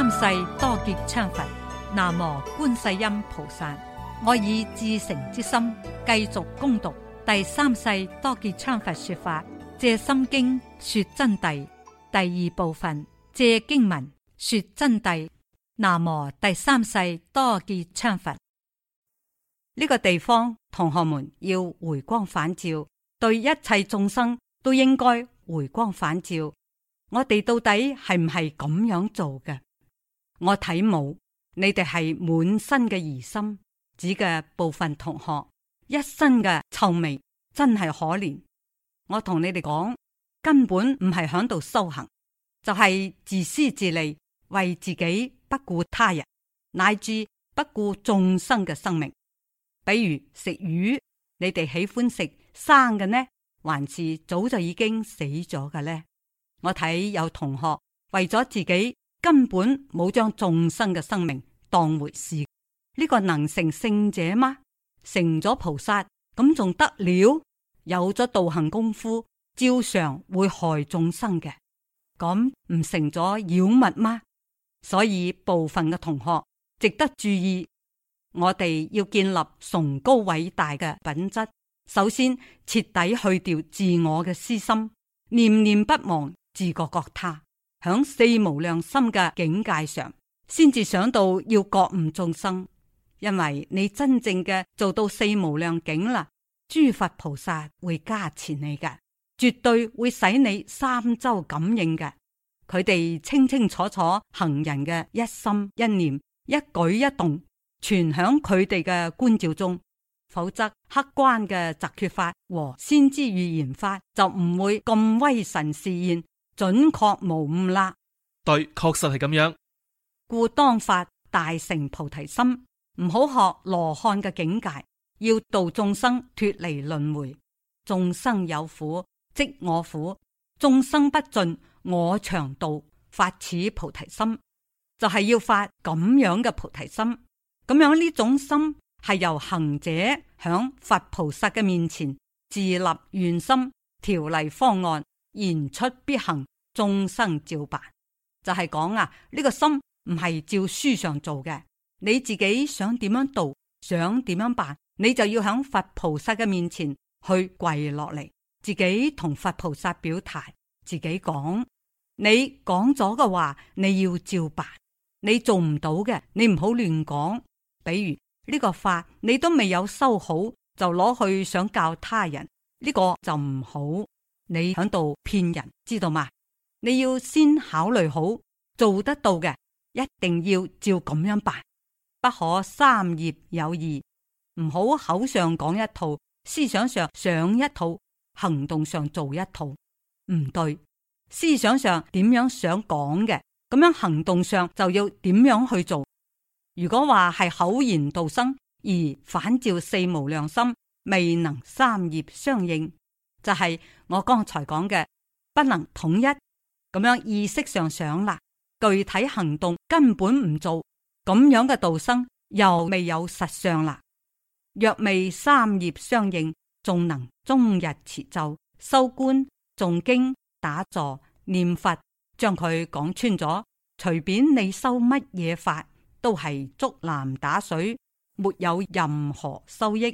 三世多杰羌佛，南無觀世音菩薩。我以至誠之心繼續攻讀第三世多杰羌佛說法，藉心經說真諦第二部分，藉經文說真諦。南無第三世多杰羌佛。呢個地方，同學們要回光返照，對一切眾生都應該回光返照。我哋到底係唔係咁樣做嘅？我睇冇，你哋係滿身嘅疑心，指嘅部分同學，一身嘅臭味，真係可憐。我同你哋講，根本唔係響度修行，就係自私自利，為自己不顧他人，乃至不顧眾生嘅生命。比如食魚，你哋喜歡食生嘅呢，還是早就已經死咗嘅呢？我睇有同學為咗自己。根本冇將眾生嘅生命當回事，呢個能成聖者嗎？成咗菩薩咁仲得了？有咗道行功夫，照常會害眾生嘅，咁唔成咗妖物嗎？所以部分嘅同學值得注意，我哋要建立崇高偉大嘅品質，首先徹底去掉自我嘅私心，念念不忘自覺覺他。喺四無量心嘅境界上，先至想到要覺悟眾生，因為你真正嘅做到四無量境啦，諸佛菩薩會加持你嘅，絕對會使你三周感應嘅，佢哋清清楚楚行人嘅一心一念、一舉一動，全響佢哋嘅觀照中，否則客觀嘅擇缺法和先知預言法就唔會咁威神示現。準確無誤啦，對，確實係咁樣。故當發大乘菩提心，唔好學羅漢嘅境界，要度眾生脫離輪回。眾生有苦，即我苦；眾生不盡，我長度。發此菩提心，就係、是、要發咁樣嘅菩提心。咁樣呢種心係由行者響佛菩薩嘅面前自立願心，條例方案言出必行。眾生照辦，就係講啊，呢個心唔係照書上做嘅，你自己想點樣做，想點樣辦，你就要響佛菩薩嘅面前去跪落嚟，自己同佛菩薩表態，自己講，你講咗嘅話你要照辦，你做唔到嘅，你唔好亂講。比如呢個法你都未有修好，就攞去想教他人，呢個就唔好，你響度騙人，知道嘛？你要先考慮好做得到嘅，一定要照咁樣辦，不可三業有二，唔好口上講一套，思想上想一套，行動上做一套，唔對。思想上點樣想講嘅，咁樣行動上就要點樣去做。如果話係口言道生而反照四無良心，未能三業相應，就係、是、我剛才講嘅，不能統一。咁樣意識上想啦，具體行動根本唔做，咁樣嘅道生又未有實相啦。若未三業相應，仲能終日持咒、修觀、誦經、打坐、念佛，將佢講穿咗，隨便你修乜嘢法，都係竹籃打水，沒有任何收益，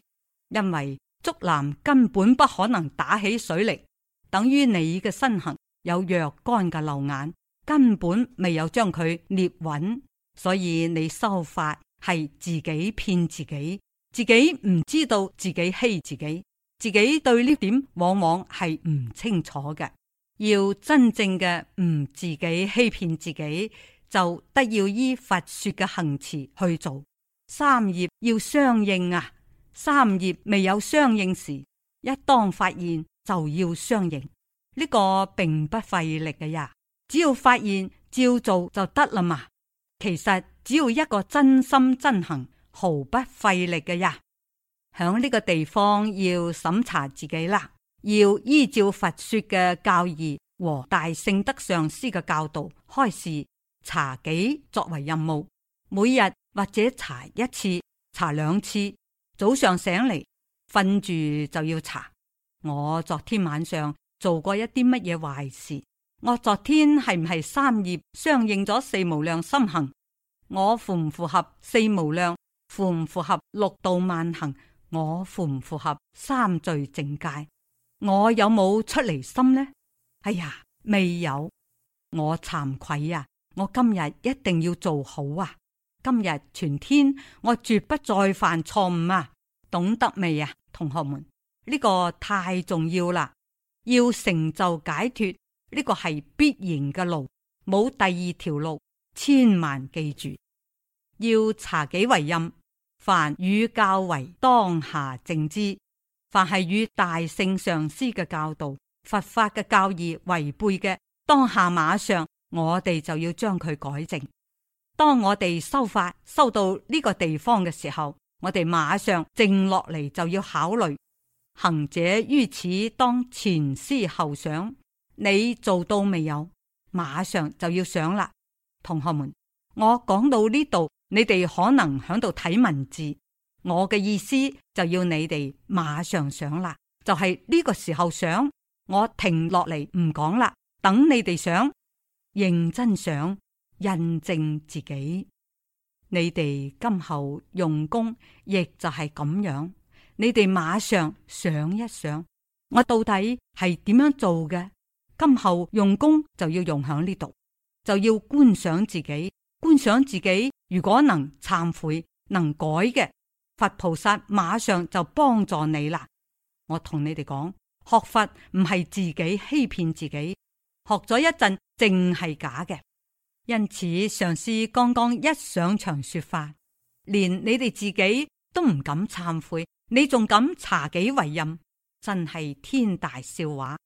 因為竹籃根本不可能打起水嚟，等於你嘅身行。有若干嘅流眼，根本未有將佢捏穩，所以你修法係自己騙自己，自己唔知道自己欺自己，自己對呢點往往係唔清楚嘅。要真正嘅唔自己欺騙自己，就得要依佛說嘅行持去做。三業要相應啊，三業未有相應時，一當發現就要相應。呢個並不費力嘅呀，只要發現照做就得啦嘛。其實只要一個真心真行，毫不費力嘅呀。響呢個地方要審查自己啦，要依照佛說嘅教義和大聖德上師嘅教導開示查己作為任務，每日或者查一次、查兩次。早上醒嚟，瞓住就要查。我昨天晚上。做過一啲乜嘢壞事？我昨天係唔係三業相應咗四無量心行？我符唔符合四無量？符唔符合六度萬行？我符唔符合三聚淨戒？我有冇出離心呢？哎呀，未有，我慚愧呀、啊！我今日一定要做好啊！今日全天我絕不再犯錯誤啊！懂得未啊，同學們？呢、這個太重要啦！要成就解脫，呢個係必然嘅路，冇第二條路。千萬記住，要查己為因，凡與教為當下正知，凡係與大聖上師嘅教導、佛法嘅教義違背嘅，當下馬上我哋就要將佢改正。當我哋修法修到呢個地方嘅時候，我哋馬上靜落嚟就要考慮。行者於此，當前思後想，你做到未有？馬上就要想啦，同學們，我講到呢度，你哋可能喺度睇文字，我嘅意思就要你哋馬上想啦，就係呢個時候想，我停落嚟唔講啦，等你哋想，認真想，印證自己，你哋今後用功亦就係咁樣。你哋馬上想一想，我到底係點樣做嘅？今後用功就要用喺呢度，就要觀想自己，觀想自己。如果能懺悔、能改嘅，佛菩薩馬上就幫助你啦。我同你哋講，學佛唔係自己欺騙自己，學咗一陣淨係假嘅。因此，上師剛剛一上場説法，連你哋自己都唔敢懺悔。你仲敢查己為任，真係天大笑話！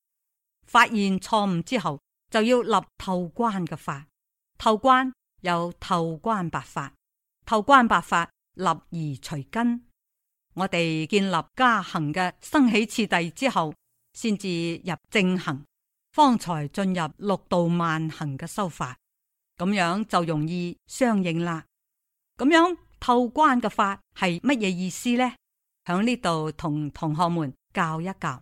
發現錯誤之後就要立透關嘅法，透關有透關白法，透關白法立而除根。我哋建立加行嘅生起次第之後，先至入正行，方才進入六度萬行嘅修法，咁樣就容易相應啦。咁樣透關嘅法係乜嘢意思呢？響呢度同同學們教一教，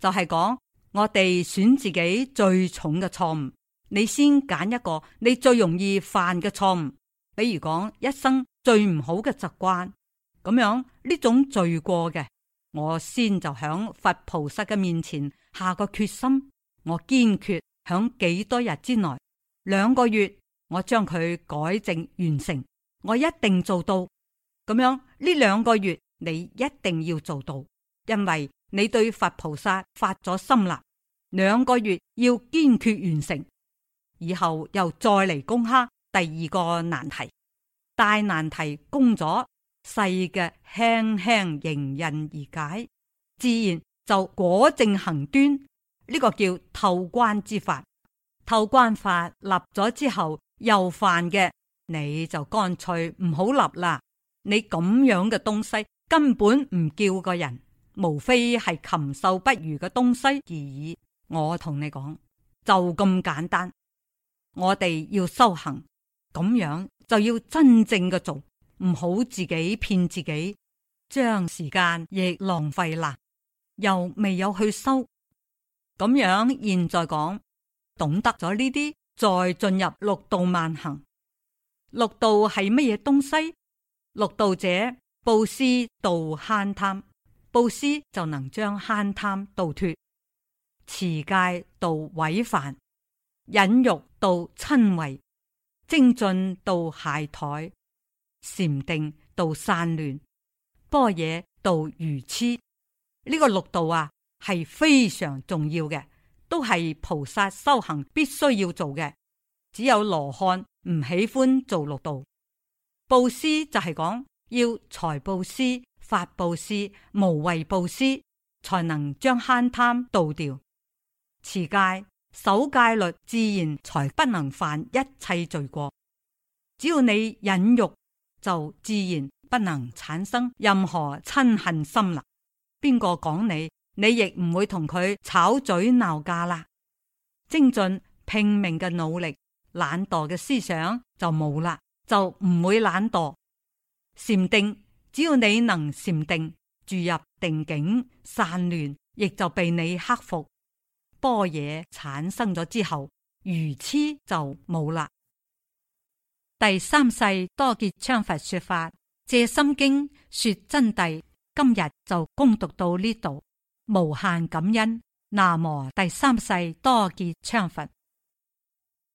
就係講我哋選自己最重嘅錯誤。你先揀一個你最容易犯嘅錯誤，比如講一生最唔好嘅習慣咁樣呢種罪過嘅，我先就響佛菩薩嘅面前下個決心，我堅決響幾多日之內，兩個月我將佢改正完成，我一定做到。咁樣呢兩個月。你一定要做到，因為你對佛菩薩發咗心立，兩個月要堅決完成，以後又再嚟攻克第二個難題，大難題攻咗，細嘅輕輕迎刃而解，自然就果正行端。呢個叫透關之法，透關法立咗之後又犯嘅，你就乾脆唔好立啦。你咁樣嘅東西。根本唔叫個人，無非係禽獸不如嘅東西而已。我同你講，就咁簡單。我哋要修行，咁樣就要真正嘅做，唔好自己騙自己，將時間亦浪費啦。又未有去修，咁樣現在講，懂得咗呢啲，再進入六道萬行。六道係乜嘢東西？六道者。布施度慳貪，布施就能將慳貪度脫；持戒度毀犯，忍辱度嗔恚，精進度懈怠，禪定度散亂，般若度愚癡。呢、這個六度啊，係非常重要嘅，都係菩薩修行必須要做嘅。只有羅漢唔喜歡做六度，布施就係講。要財布施、法布施、無畏布施，才能將慳貪倒掉。持戒、守戒律，自然才不能犯一切罪過。只要你忍辱，就自然不能產生任何嗔恨心啦。邊個講你，你亦唔會同佢吵嘴鬧架啦。精進拼命嘅努力，懶惰嘅思想就冇啦，就唔會懶惰。禪定，只要你能禪定，住入定境，散亂亦就被你克服。般若產生咗之後，愚痴就冇啦。第三世多杰羌佛說法《藉心經》說真諦，今日就恭讀到呢度，無限感恩。南無第三世多杰羌佛。